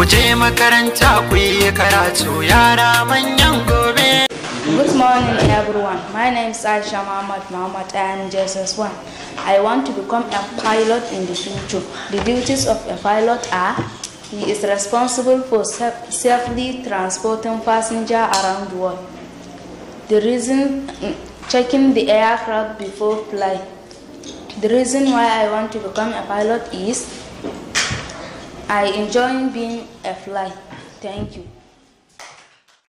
makaranta ku yi karatu yara manyan gobe Good morning everyone. My name is Aisha Muhammad Muhammad and as one I want to become a pilot in the future. The duties of a pilot are he is responsible for safely transporting passengers around the world. The reason mm, checking the aircraft before flight. The reason why I want to become a pilot is I enjoy being a fly. Thank you.